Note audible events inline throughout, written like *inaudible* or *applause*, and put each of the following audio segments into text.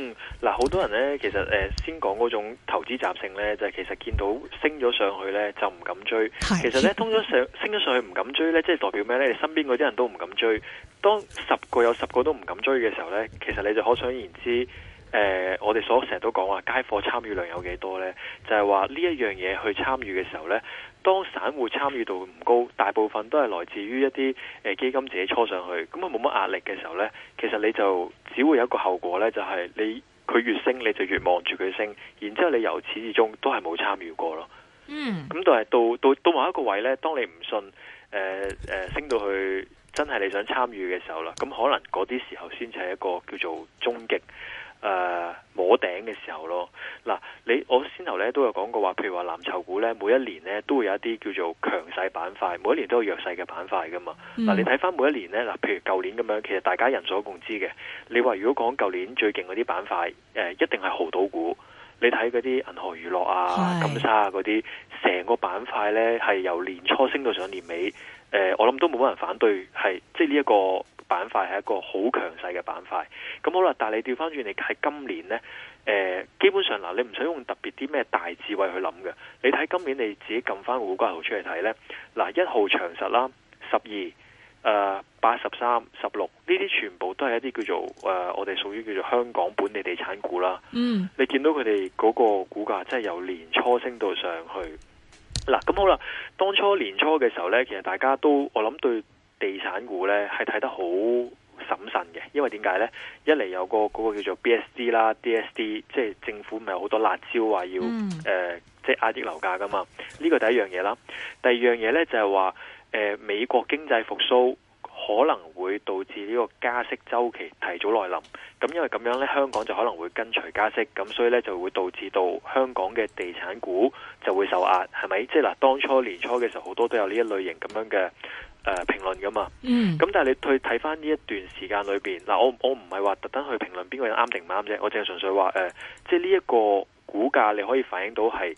嗯，嗱，好多人咧，其實誒、呃，先講嗰種投資習性咧，就係、是、其實見到升咗上去咧，就唔敢追。其實咧，通咗上升咗上去唔敢追咧，即係代表咩咧？你身邊嗰啲人都唔敢追，當十個有十個都唔敢追嘅時候咧，其實你就可想而知。誒、呃，我哋所成日都講話街貨參與量有幾多咧，就係話呢一樣嘢去參與嘅時候咧。當散戶參與度唔高，大部分都係來自於一啲誒、呃、基金自己搓上去，咁啊冇乜壓力嘅時候呢，其實你就只會有一個後果呢，就係、是、你佢越升你就越望住佢升，然之後你由始至終都係冇參與過咯。嗯那就是，咁但係到到到某一個位呢，當你唔信誒誒、呃呃、升到去真係你想參與嘅時候啦，咁可能嗰啲時候先係一個叫做終極。誒、呃、摸頂嘅時候咯，嗱、啊、你我先頭咧都有講過話，譬如話藍籌股咧每一年咧都會有一啲叫做強勢板塊，每一年都有弱勢嘅板塊噶嘛。嗱、嗯啊、你睇翻每一年咧，嗱譬如舊年咁樣，其實大家人所共知嘅，你話如果講舊年最勁嗰啲板塊，誒、呃、一定係濠賭股。你睇嗰啲銀河娛樂啊、是金沙啊嗰啲，成個板塊咧係由年初升到上年尾，誒、呃、我諗都冇乜人反對係，即係呢一個板塊係一個好強勢嘅板塊，咁好啦。但係你調翻轉嚟，睇今年呢，呃、基本上嗱、呃，你唔使用特別啲咩大智慧去諗嘅。你睇今年你自己撳翻個股價圖出嚟睇呢，嗱、呃，一號長實啦，十二誒，八十三、十六呢啲全部都係一啲叫做誒、呃，我哋屬於叫做香港本地地產股啦。嗯。你見到佢哋嗰個股價，真係由年初升到上去。嗱、呃，咁好啦，當初年初嘅時候呢，其實大家都我諗對。地產股咧係睇得好審慎嘅，因為點解咧？一嚟有個、嗰個叫做 BSD 啦、DSD，即係政府唔係有好多辣椒話、啊、要誒、嗯呃，即係壓抑樓價噶嘛？呢、呢個第一樣嘢啦。第二樣嘢咧就係話誒，美國經濟復甦可能會導致呢個加息周期提早來臨。咁因為咁樣咧，香港就可能會跟隨加息，咁所以咧就會導致到香港嘅地產股就會受壓，係咪？即係嗱，當初年初嘅時候好多都有呢一類型咁樣嘅。誒評論噶嘛，咁但係你去睇翻呢一段時間裏邊，嗱，我我唔係話特登去評論邊個人啱定唔啱啫，我淨係純粹話誒、呃，即係呢一個股價你可以反映到係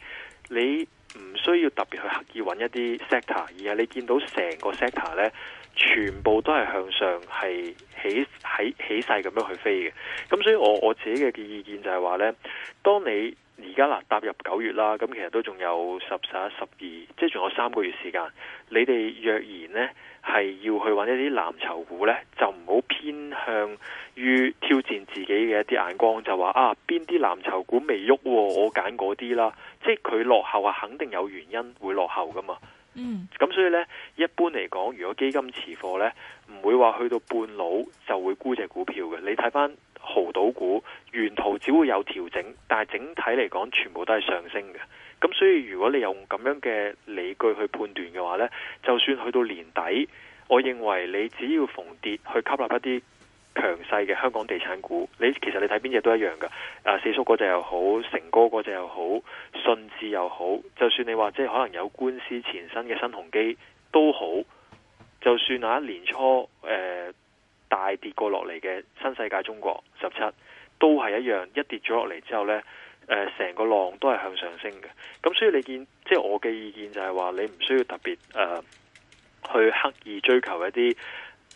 你唔需要特別去刻意揾一啲 sector，而係你見到成個 sector 呢全部都係向上係起起起勢咁樣去飛嘅。咁所以我我自己嘅意見就係話呢，當你而家啦，踏入九月啦，咁其實都仲有十、十一、十二，即係仲有三個月時間。你哋若然呢係要去揾一啲藍籌股呢，就唔好偏向於挑戰自己嘅一啲眼光，就話啊邊啲藍籌股未喐，我揀嗰啲啦。即係佢落後啊，肯定有原因會落後噶嘛。咁、嗯、所以呢，一般嚟講，如果基金持貨呢，唔會話去到半老就會沽隻股票嘅。你睇翻。豪賭股沿途只會有調整，但係整體嚟講全部都係上升嘅。咁所以如果你用咁樣嘅理據去判斷嘅話呢，就算去到年底，我認為你只要逢跌去吸納一啲強勢嘅香港地產股，你其實你睇邊隻都一樣噶。啊，四叔嗰隻又好，成哥嗰隻又好，信置又好，就算你話即係可能有官司前身嘅新鴻基都好，就算那一年初，呃大跌過落嚟嘅新世界中國十七都係一樣，一跌咗落嚟之後呢，成、呃、個浪都係向上升嘅。咁所以你見即係我嘅意見就係話，你唔需要特別誒、呃、去刻意追求一啲誒、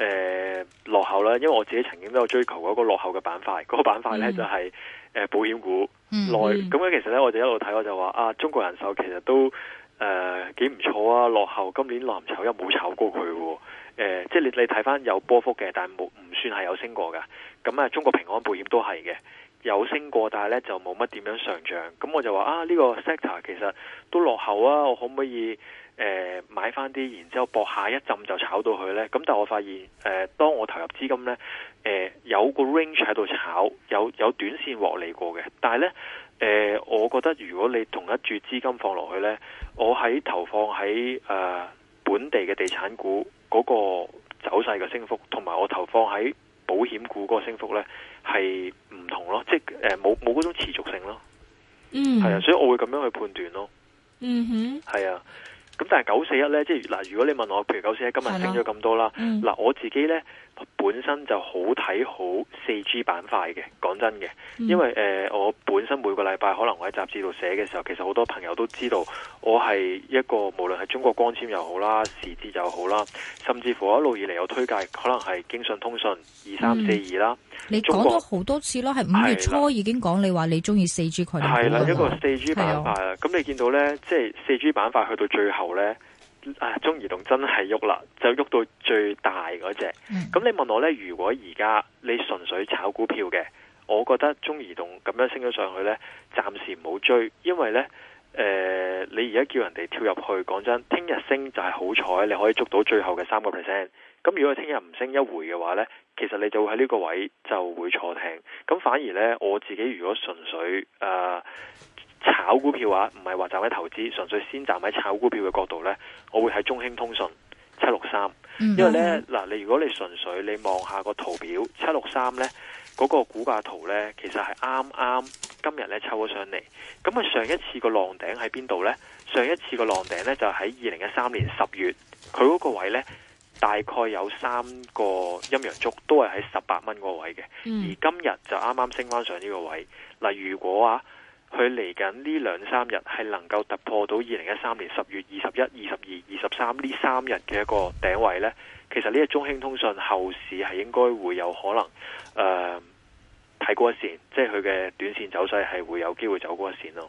呃、落後啦，因為我自己曾經都有追求嗰個落後嘅板塊，嗰、那個板塊呢、mm. 就係、是、誒、呃、保險股、mm. 內。咁樣其實呢，我哋一路睇我就話啊，中國人壽其實都。誒，幾唔、呃、錯啊！落後今年藍籌，又冇炒過佢、啊。誒、呃，即係你你睇翻有波幅嘅，但係冇唔算係有升過噶。咁、嗯、啊，中國平安保險都係嘅，有升過，但係咧就冇乜點樣上漲。咁、嗯、我就話啊，呢、這個 sector 其實都落後啊。我可唔可以誒、呃、買翻啲，然之後搏下一浸就炒到佢呢？咁、嗯、但係我發現誒、呃，當我投入資金呢，誒、呃、有個 range 喺度炒，有有短線獲利過嘅，但係呢。誒、呃，我覺得如果你同一注資金放落去呢，我喺投放喺誒、呃、本地嘅地產股嗰個走勢嘅升幅，同埋我投放喺保險股嗰個升幅呢，係唔同咯，即係冇冇嗰種持續性咯。嗯，係啊，所以我會咁樣去判斷咯。嗯哼，係啊。咁但係九四一呢，即係嗱、呃，如果你問我，譬如九四一今日升咗咁多啦，嗱、嗯呃，我自己呢。本身就好睇好 4G 板塊嘅，講真嘅，因為誒、嗯呃、我本身每個禮拜可能我喺雜誌度寫嘅時候，其實好多朋友都知道我係一個無論係中國光纖又好啦、時捷又好啦，甚至乎一路以嚟有推介可能係京信通訊二三四二啦。嗯、你講咗好多次啦，係國五月初已經講的，你話你中意 4G 群組啦，一個 4G 板塊啊，咁的你見到咧，即係 4G 板塊去到最後咧。啊！中移動真係喐啦，就喐到最大嗰隻。咁你問我呢，如果而家你純粹炒股票嘅，我覺得中移動咁樣升咗上去呢，暫時唔好追，因為呢，誒、呃，你而家叫人哋跳入去，講真，聽日升就係好彩，你可以捉到最後嘅三個 percent。咁如果聽日唔升一回嘅話呢，其實你就會喺呢個位就會坐艇。咁反而呢，我自己如果純粹啊。呃炒股票啊，唔係話站喺投資，純粹先站喺炒股票嘅角度呢，我會喺中興通訊七六三，因為呢，嗱、mm，你、hmm. 如果你純粹你望下個圖表，七六三呢，嗰、那個股價圖呢，其實係啱啱今日呢抽咗上嚟。咁啊，上一次個浪頂喺邊度呢？上一次個浪頂呢，就喺二零一三年十月，佢嗰個位呢，大概有三個陰陽燭都係喺十八蚊個位嘅。Mm hmm. 而今日就啱啱升翻上呢個位。嗱、呃，如果啊～佢嚟緊呢兩三日係能夠突破到二零一三年十月二十一、二十二、二十三呢三日嘅一個頂位呢，其實呢個中興通訊後市係應該會有可能呃、睇過一線，即係佢嘅短線走勢係會有機會走過一線咯。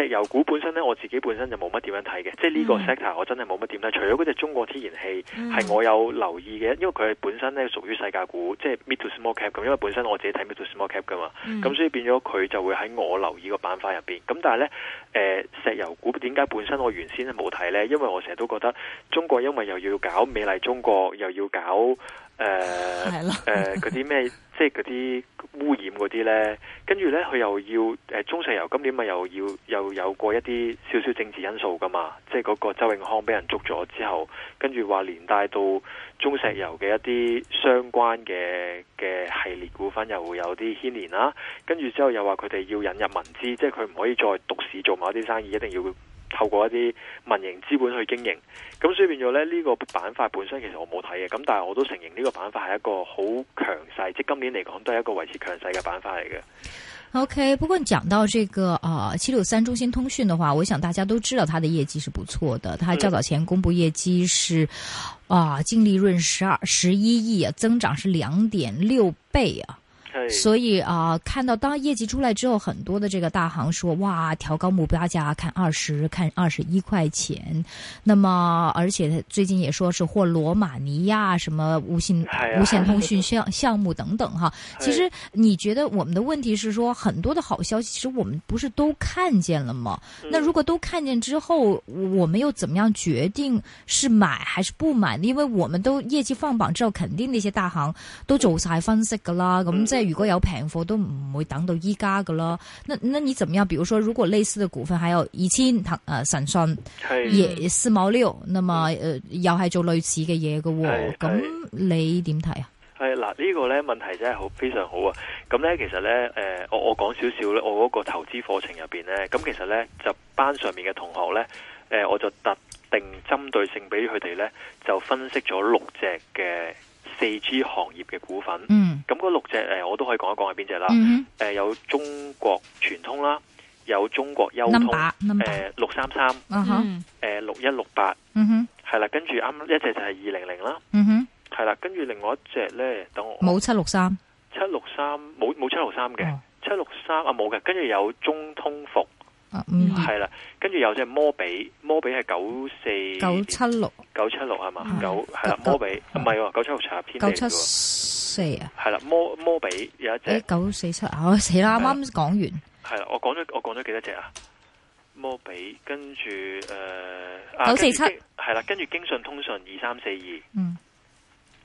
石油股本身咧，我自己本身就冇乜點樣睇嘅，mm hmm. 即係呢個 sector 我真係冇乜點睇。除咗嗰隻中國天然氣係、mm hmm. 我有留意嘅，因為佢本身咧屬於世界股，即係 mid to small cap 咁。因為本身我自己睇 mid to small cap 噶嘛，咁、mm hmm. 所以變咗佢就會喺我留意個板塊入邊。咁但係咧，誒、呃，石油股點解本身我原先係冇睇咧？因為我成日都覺得中國因為又要搞美麗中國，又要搞。誒，誒、呃，嗰啲咩，即係嗰啲污染嗰啲呢。跟住呢，佢又要，誒，中石油今年咪又要又有過一啲少少政治因素噶嘛，即係嗰個周永康俾人捉咗之後，跟住話連帶到中石油嘅一啲相關嘅嘅系列股份又會有啲牽連啦，啊，跟住之後又話佢哋要引入民資，即係佢唔可以再獨市做某啲生意，一定要。透過一啲民營資本去經營，咁所以變咗咧呢、呢個板塊本身其實我冇睇嘅，咁但係我都承認呢個板塊係一個好強勢，即今年嚟講都係一個維持強勢嘅板塊嚟嘅。OK，不過講到這個啊、呃，七六三中興通訊的話，我想大家都知道它的業績是不錯的，它較早前公布業績是、嗯、啊淨利潤十二十一億、啊，增長是兩點六倍啊。所以啊、呃，看到當業績出來之後，很多的這個大行說哇，調高目標價，看二十，看二十一塊錢。那麼，而且最近也說是獲羅馬尼亞什麼無線無線通訊項、哎、呀項目等等哈。哎、其實，你覺得我們的問題是說，很多的好消息，其實我們不是都看見了嗎？嗯、那如果都看見之後，我們又怎麼樣決定是買還是不買？因為我們都業績放榜之後，肯定那些大行都做晒分析噶啦。嗯。我們在如果有平貨都唔會等到依家噶啦，那那你怎麼樣？比如說，如果類似的股份，還有二千誒神信，係耶毛六那麼誒、嗯呃、又係做類似嘅嘢嘅，咁的你點睇啊？係嗱呢個咧問題真係好非常好啊！咁咧其實咧誒我講一我講少少咧，我嗰個投資課程入邊咧，咁其實咧就班上面嘅同學咧，誒我就特定針對性俾佢哋咧就分析咗六隻嘅。四 G 行業嘅股份，咁嗰、嗯、六隻誒，我都可以講一講係邊隻啦。誒、嗯哼呃，有中國傳通啦，有中國優通，誒碼，六三三，誒、嗯哼，六一六八，係啦、嗯哼，跟住啱一隻就係二零零啦，係啦，跟住另外一隻咧，等我冇七六三，七六三冇冇七六三嘅，哦、七六三啊冇嘅，跟住有中通服。係啦，跟住有隻摩比，摩比係九四九七六九七六係嘛？九係啦，摩比唔係喎，九七六成偏九七四啊，係啦，摩摩比有一隻九四七，我死啦，啱啱講完。係啦，我講咗我講咗幾多隻啊？摩比跟住誒，九四七係啦，跟住京信通訊二三四二。嗯。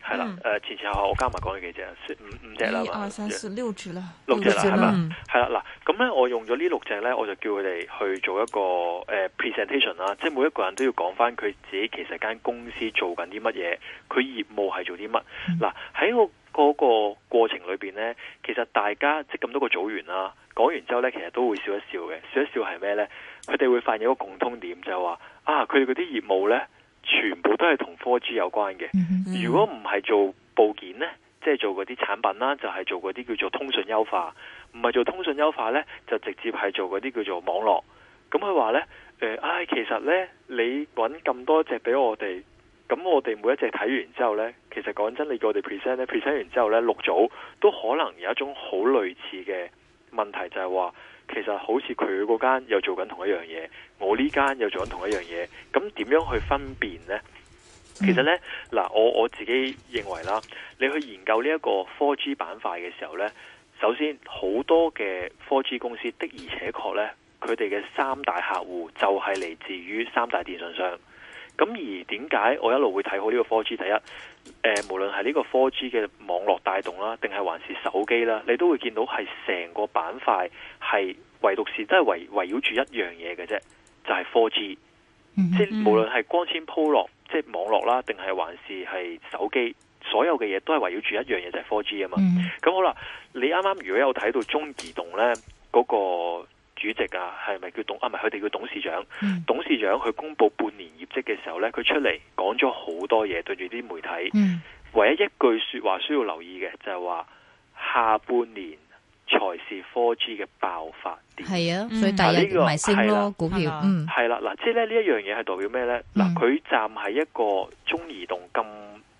係啦，誒、嗯呃、前前後後我加埋講咗幾隻，五五隻啦嘛，六隻啦，我用了這六隻啦係嘛，係啦嗱，咁咧我用咗呢六隻咧，我就叫佢哋去做一個誒、呃、presentation 啦，即係每一個人都要講翻佢自己其實間公司做緊啲乜嘢，佢業務係做啲乜，嗱喺、嗯、我嗰個過程裏邊咧，其實大家即咁多個組員啦、啊，講完之後咧，其實都會笑一笑嘅，笑一笑係咩咧？佢哋會發現一個共通點就係、是、話，啊佢哋嗰啲業務咧。全部都係同科技有關嘅。如果唔係做部件呢，即係、就是、做嗰啲產品啦，就係、是、做嗰啲叫做通訊優化。唔係做通訊優化呢，就直接係做嗰啲叫做網絡。咁佢話呢，誒，唉，其實呢，你搵咁多隻俾我哋，咁我哋每一隻睇完之後呢，其實講真，你叫我哋 present，present 完之後呢，六組都可能有一種好類似嘅問題，就係話。其實好似佢嗰間又做緊同一樣嘢，我呢間又做緊同一樣嘢，咁點樣去分辨呢？其實呢，嗱，我我自己認為啦，你去研究呢一個 4G 板塊嘅時候呢，首先好多嘅 4G 公司的而且確呢，佢哋嘅三大客戶就係嚟自於三大電信商。咁而點解我一路會睇好呢個 4G 第一，誒、呃，無論係呢個 4G 嘅網絡帶動啦，定係還是手機啦，你都會見到係成個板塊係唯獨是都係圍圍繞住一樣嘢嘅啫，就係、是、4G、mm hmm. 即係無論係光纖鋪落，即、就、係、是、網絡啦，定係還是係手機，所有嘅嘢都係圍繞住一樣嘢，就係、是、4G 啊嘛。咁、mm hmm. 好啦，你啱啱如果有睇到中移動咧、嗰個主席啊，係咪叫董啊？唔係佢哋叫董事長，mm hmm. 董事長佢公布半年。即嘅時候咧，佢出嚟講咗好多嘢，對住啲媒體。嗯、唯一一句說話需要留意嘅就係話，下半年才是 4G 嘅爆發點。係、嗯、啊，所以第一個股票。係、啊嗯、啦，嗱，即係咧呢一樣嘢係代表咩咧？嗱、嗯，佢站喺一個中移動咁誒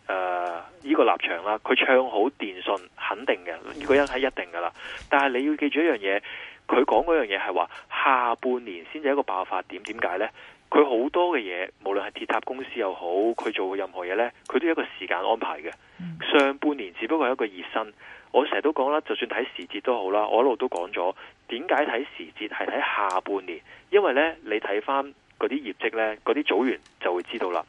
呢個立場啦，佢唱好電信肯定嘅呢個人係一定噶啦。嗯、但係你要記住一樣嘢，佢講嗰樣嘢係話下半年先至一個爆發點，點解咧？佢好多嘅嘢，無論係鐵塔公司又好，佢做任何嘢呢，佢都有一個時間安排嘅。上半年只不過係一個熱身，我成日都講啦，就算睇時節都好啦，我一路都講咗，點解睇時節係睇下半年？因為呢，你睇翻嗰啲業績呢，嗰啲組員就會知道啦。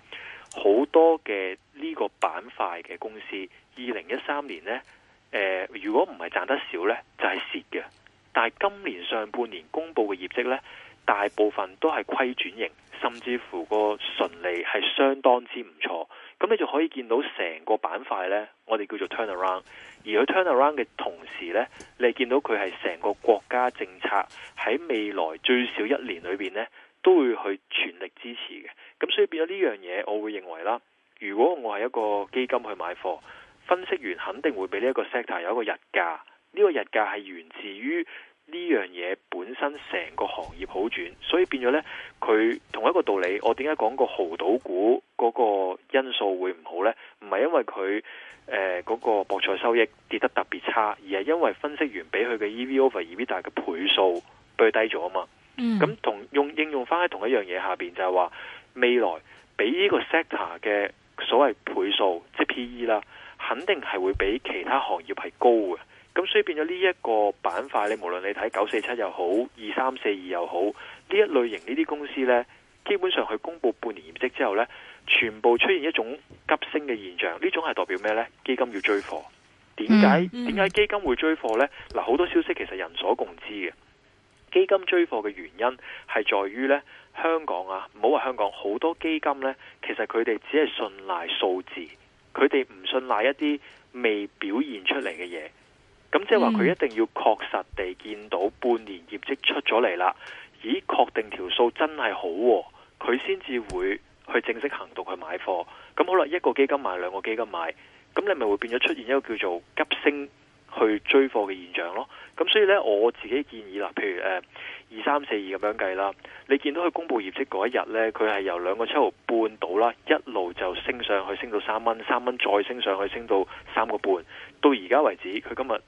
好多嘅呢個板塊嘅公司，二零一三年呢，呃，如果唔係賺得少呢，就係蝕嘅。但係今年上半年公布嘅業績呢。大部分都係虧轉型，甚至乎個純利係相當之唔錯。咁你就可以見到成個板塊呢，我哋叫做 turnaround。而佢 turnaround 嘅同時呢，你見到佢係成個國家政策喺未來最少一年裏邊呢，都會去全力支持嘅。咁所以變咗呢樣嘢，我會認為啦，如果我係一個基金去買貨，分析員肯定會俾呢一個 sector 有一個日價。呢個日價係源自於。呢樣嘢本身成個行業好轉，所以變咗呢，佢同一個道理。我點解講個濠賭股嗰個因素會唔好呢？唔係因為佢嗰、呃那個博彩收益跌得特別差，而係因為分析員俾佢嘅 EV over EBITDA 嘅倍數俾佢低咗啊嘛。咁、嗯、同用應用翻喺同一樣嘢下邊，就係話未來俾呢個 sector 嘅所謂倍數，即 P E 啦，肯定係會比其他行業係高嘅。咁所以變咗呢一個板塊，你無論你睇九四七又好，二三四二又好，呢一類型呢啲公司咧，基本上佢公布半年業績之後咧，全部出現一種急升嘅現象。呢種係代表咩咧？基金要追貨。點解？點解、mm hmm. 基金會追貨咧？嗱，好多消息其實人所共知嘅。基金追貨嘅原因係在於咧，香港啊，唔好話香港，好多基金咧，其實佢哋只係信賴數字，佢哋唔信賴一啲未表現出嚟嘅嘢。咁即係話佢一定要確實地見到半年業績出咗嚟啦，咦，確定條數真係好啊，佢先至會去正式行動去買貨。咁好啦，一個基金買，兩個基金買，咁你咪會變咗出現一個叫做急升去追貨嘅現象咯。咁所以呢，我自己建議啦，譬如誒二三四二咁樣計啦，你見到佢公布業績嗰一日呢，佢係由兩個七毫半到啦，一路就升上去，升到三蚊，三蚊再升上去，升到三個半，到而家為止，佢今日。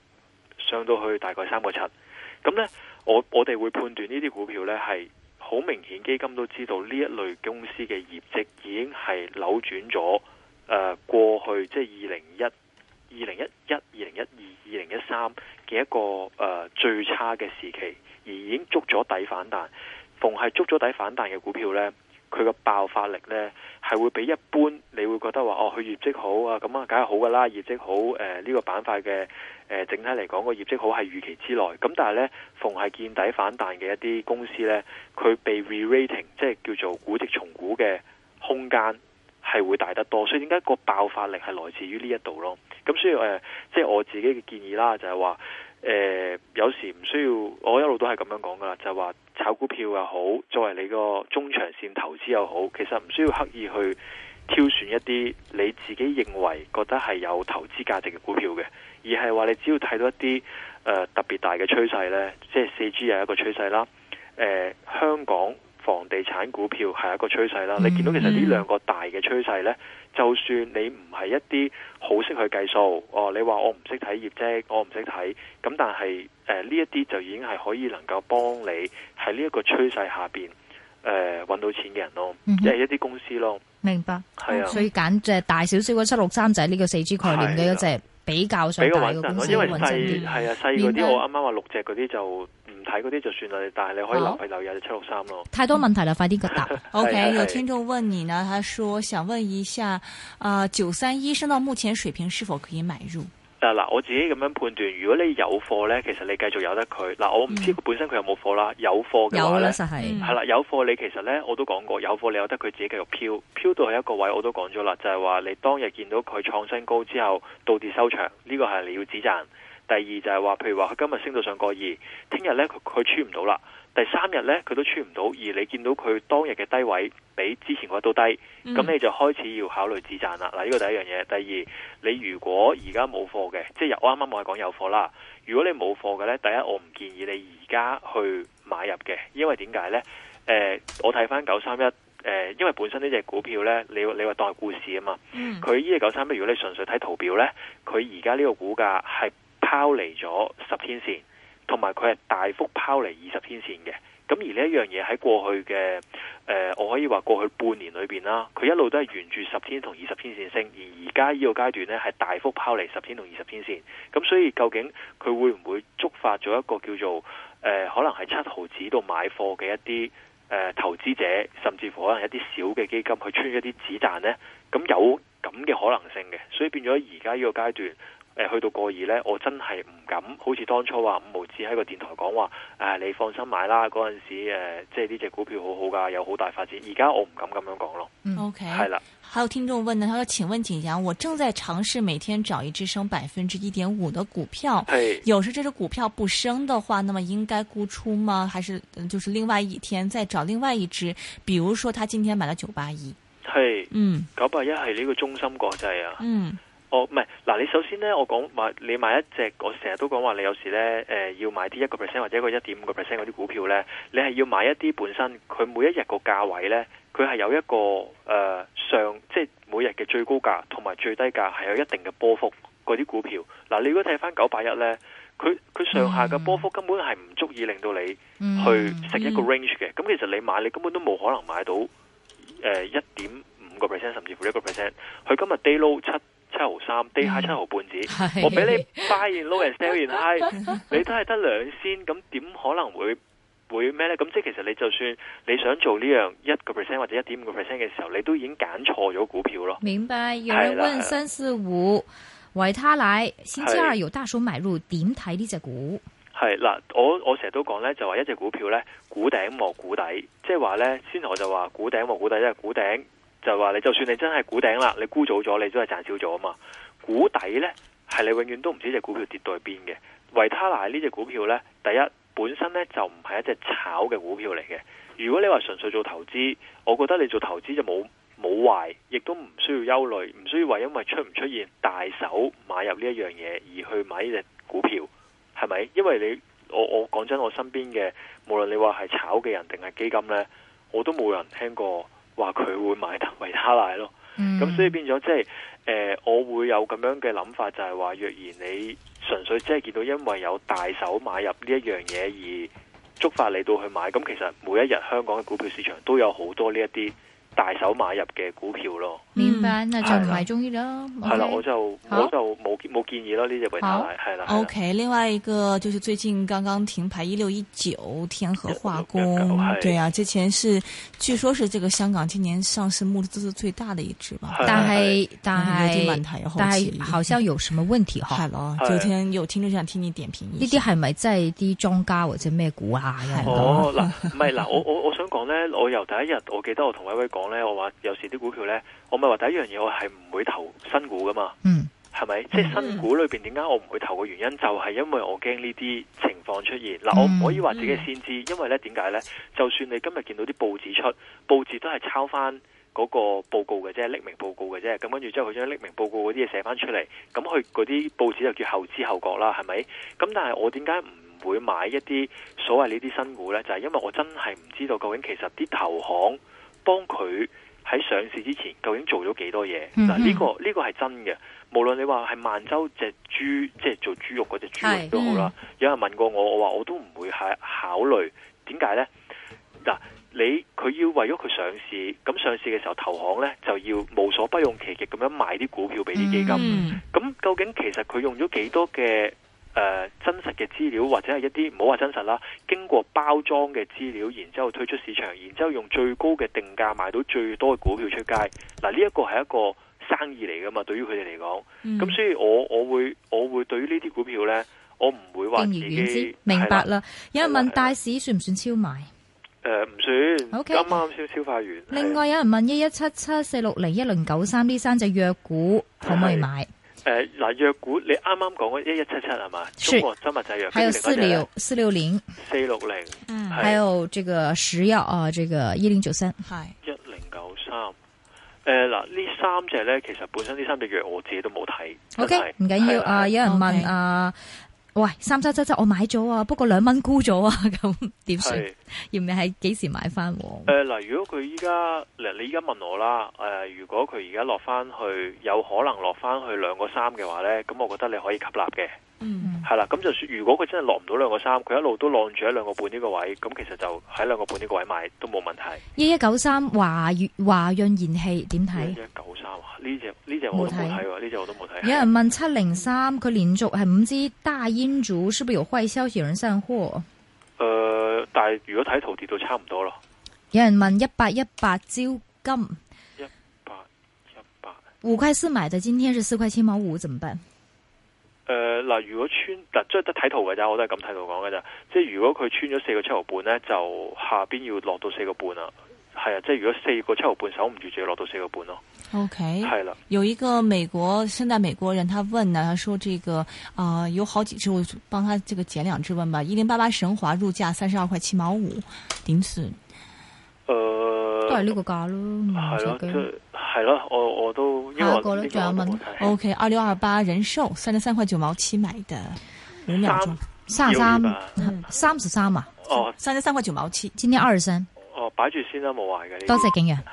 上到去大概三個七，咁呢，我我哋會判斷呢啲股票呢係好明顯，基金都知道呢一類公司嘅業績已經係扭轉咗，誒、呃、過去即係二零一、二零一一、二零一二、二零一三嘅一個、呃、最差嘅時期，而已經捉咗底反彈。逢係捉咗底反彈嘅股票呢。佢個爆發力呢係會比一般你會覺得話哦，佢業績好啊，咁啊梗係好噶啦，業績好誒，呢個板塊嘅誒整體嚟講個業績好係預期之內，咁但係呢，逢係見底反彈嘅一啲公司呢，佢被 re-rating 即係叫做估值重估嘅空間係會大得多，所以點解個爆發力係來自於呢一度咯。咁所以誒，即係我自己嘅建議啦，就係話，誒、呃，有時唔需要，我一路都係咁樣講噶啦，就話、係、炒股票又好，作為你個中長線投資又好，其實唔需要刻意去挑選一啲你自己認為覺得係有投資價值嘅股票嘅，而係話你只要睇到一啲、呃、特別大嘅趨勢呢，即係四 G 係一個趨勢啦，誒、呃、香港房地產股票係一個趨勢啦，嗯嗯，你見到其實呢兩個大嘅趨勢呢。就算你唔係一啲好識去計數，哦，你話我唔識睇業績，我唔識睇，咁但係誒呢一啲就已經係可以能夠幫你喺呢一個趨勢下邊誒搵到錢嘅人咯，即係、嗯、哼一啲公司咯。明白，係啊，所以揀隻大少少嘅七六三仔呢個四 G 概念嘅一隻比較上大嘅公司，因為係係啊，細嗰啲我啱啱話六隻嗰啲就。睇嗰啲就算啦，但係你可以留意留意七六三咯。太多問題啦，嗯、快啲個答。 *laughs* OK， *laughs* 有聽眾問你呢，佢話：，想問一下，啊九三一升到目前水平是否可以買入？嗱嗱、啊，我自己咁樣判斷，如果你有貨呢，其實你繼續有得佢。嗱、啊，我唔知佢本身佢有冇貨啦，有貨嘅話咧，係啦，有貨你其實呢，我都講過，有貨你有得佢自己繼續飄，飄到一個位，我都講咗啦，就係、是、話你當日見到佢創新高之後，倒跌收場，呢、這個係你要止賺。第二就係話，譬如話佢今日升到上個二，聽日咧佢佢穿唔到啦。第三日咧佢都穿唔到，而你見到佢當日嘅低位比之前嗰日都低，咁、嗯、你就開始要考慮止賺啦。嗱，呢個第一樣嘢。第二，你如果而家冇貨嘅，即係我啱啱我係講有貨啦。如果你冇貨嘅咧，第一我唔建議你而家去買入嘅，因為點解咧？誒、呃，我睇翻九三一，誒，因為本身呢隻股票咧，你你話當係股市啊嘛，佢呢隻九三一，31, 如果你純粹睇圖表咧，佢而家呢個股價係。拋離咗十天綫，同埋佢係大幅拋離二十天綫嘅。咁而呢一樣嘢喺過去嘅誒、呃，我可以話過去半年裏邊啦，佢一路都係沿住十天同二十天綫升。而而家呢個階段呢，係大幅拋離十天同二十天綫。咁所以究竟佢會唔會觸發咗一個叫做誒、呃，可能係七毫子度買貨嘅一啲誒、呃、投資者，甚至乎可能一啲小嘅基金，去穿一啲子彈呢？咁有咁嘅可能性嘅，所以變咗而家呢個階段。誒，去到過二呢，我真係唔敢，好似當初話五毛紙喺個電台講話，誒、呃，你放心買啦，嗰陣時誒、呃，即係呢隻股票好好噶，有好大發展。而家我唔敢咁樣講咯。嗯，OK，係啦了。還有聽眾問呢，他說：請問景羊，我正在嘗試每天找一支升百分之一點五的股票，是有時這隻股票不升的話，那麼應該沽出嗎？還是就是另外一天再找另外一支？比如說，他今天買了九八一，係，嗯，九八一係呢個中芯國際啊，嗯。哦，唔係嗱，你首先咧，我講買你買一隻，我成日都講話你有時咧，誒要買啲一個 percent 或者一個一點五個 percent 嗰啲股票咧，你係要買一啲本身佢每一日個價位咧，佢係有一個誒、呃、上即係每日嘅最高價同埋最低價係有一定嘅波幅嗰啲股票。嗱，你如果睇翻九八一咧，佢佢上下嘅波幅根本係唔足以令到你去食一個 range 嘅。咁、嗯嗯、其實你買你根本都冇可能買到誒一點五個 percent 甚至乎一個 percent。佢今日 day low 七。七毫三 day high，嗯、七毫半紙，是我俾你 buy in low and sell in high， *laughs* 你都係得兩仙，咁點可能會會咩咧？咁即係其實你就算你想做呢樣一個 percent 或者一點五個 percent 嘅時候，你都已經揀錯咗股票咯。明白。有人問三四五維他奶星期二有大手買入，點睇呢隻股？係嗱，我我成日都講咧，就話一隻股票咧，股頂和股底，即係話咧，先河就話股頂和股底，即、就、係、是、股頂。就話你就算你真係估頂啦，你估早咗，你都係賺少咗啊嘛。股底呢係你永遠都唔知隻股票跌到去邊嘅。維他奶呢隻股票呢，第一本身呢就唔係一隻炒嘅股票嚟嘅。如果你話純粹做投資，我覺得你做投資就冇冇壞，亦都唔需要憂慮，唔需要話因為出唔出現大手買入呢一樣嘢而去買呢隻股票，係咪？因為你我我講真，我身邊嘅無論你話係炒嘅人定係基金呢，我都冇人聽過。話佢會買得維他奶咯，咁、嗯、所以變咗即係，我會有咁樣嘅諗法就係，就係話若然你純粹即係見到因為有大手買入呢一樣嘢而觸發嚟到去買，咁其實每一日香港嘅股票市場都有好多呢一啲。大手買入嘅股票咯，明白，唔好買中意咯，係啦，我就我就冇冇建議咯呢隻位置係啦。OK，另外一個就是最近剛剛停牌一六一九天合化工，對啊，之前是據說是這個香港今年上市目資最大的一支吧，但係但係但係好像有什麼問題哈？係咯，昨天有聽眾想聽你點評，呢啲係咪即係啲莊家或者咩股啊？哦嗱，唔係嗱，我我我想講咧，我由第一日我記得我同威威講我話有時啲股票呢，我咪話第一樣嘢，我係唔會投新股噶嘛，係咪、嗯？是是即係新股裏邊點解我唔會投嘅原因，就係、是、因為我驚呢啲情況出現。嗱、嗯，我唔可以話自己先知，因為呢點解呢？就算你今日見到啲報紙出，報紙都係抄翻嗰個報告嘅啫，匿名報告嘅啫。咁跟住之後，佢將匿名報告嗰啲嘢寫翻出嚟，咁佢嗰啲報紙就叫後知後覺啦，係咪？咁但係我點解唔會買一啲所謂呢啲新股呢？就係、是、因為我真係唔知道究竟其實啲投行。幫佢喺上市之前究竟做咗幾多嘢？嗱、mm，呢、hmm. 呢個呢、呢個係真嘅。無論你話係萬洲隻豬，即、就、係、是、做豬肉嗰隻豬都好啦。Mm hmm. 有人問過我，我話我都唔會係考慮。點解呢？嗱，你佢要為咗佢上市，咁上市嘅時候投行呢，就要無所不用其極咁樣賣啲股票俾啲基金。咁、mm hmm. 究竟其實佢用咗幾多嘅？誒，真實嘅資料或者係一啲唔好話真實啦，經過包裝嘅資料，然之後推出市場，然之後用最高嘅定價賣到最多嘅股票出街。嗱，呢一個係一個生意嚟噶嘛？對於佢哋嚟講，咁所以我我會我會對於呢啲股票呢，我唔會話。拋而遠之，明白啦。有人問大市算唔算超買？誒，唔算。O K，啱啱先消化完。另外有人問一一七七四六零一零九三呢三隻藥股，可唔可以買？誒，嗱藥股，你啱啱講嗰一一七七係嘛？中國生物製藥，還有四六四六零，四六零，60，嗯，還有這個石藥啊、呃，這個一零九三，係一零九三。誒，嗱，呢三隻咧，其實本身呢三隻藥，我自己都冇睇。O K，唔緊要啊，有人問啊。喂，三三七七我買咗啊，不過兩蚊沽咗啊，咁點算？要唔係喺幾時買翻？誒，嗱，如果佢依家，嗱，你依家問我啦，誒、呃，如果佢而家落翻去，有可能落翻去兩個三嘅話咧，咁我覺得你可以吸納嘅。嗯，係啦，咁就算如果佢真係落唔到兩個三，佢一路都晾住喺兩個半呢個位，咁其實就喺兩個半呢個位買都冇問題。一一九三華越華潤燃氣點睇？一一九三啊，呢隻呢隻我都冇睇喎，呢隻台我都冇睇。有人問七零三，佢連續係五支大陰燭，是不是有壞消息有人散貨？誒，但係如果睇圖跌到差唔多咯。有人問一八一八招金，一八一八五塊四買嘅今天是四塊七毛五，怎麼辦？如果穿嗱，即係得睇圖嘅咋，我都係咁睇圖講嘅咋。即係如果佢穿咗四個七毫半咧，就下邊要落到四個半啦。係啊，即係如果四個七毫半守唔住，就要落到四個半咯。OK，係啦。有一個美國，現在美國人，他問呢，他說：，這個啊、呃，有好幾隻，我幫他這個減兩隻，問吧。一零八八神華入價三十二塊七毛五，頂次。誒、呃，都係呢個價咯，還有係咯，我我都。好過啦，仲有乜？O K，二六二八，人壽三十三塊九毛七買嘅，五秒鐘。三要噶，三十三啊？哦，三十三塊九毛七，今天二十三。哦，擺住先啦，冇壞嘅呢。這個、多謝景羊。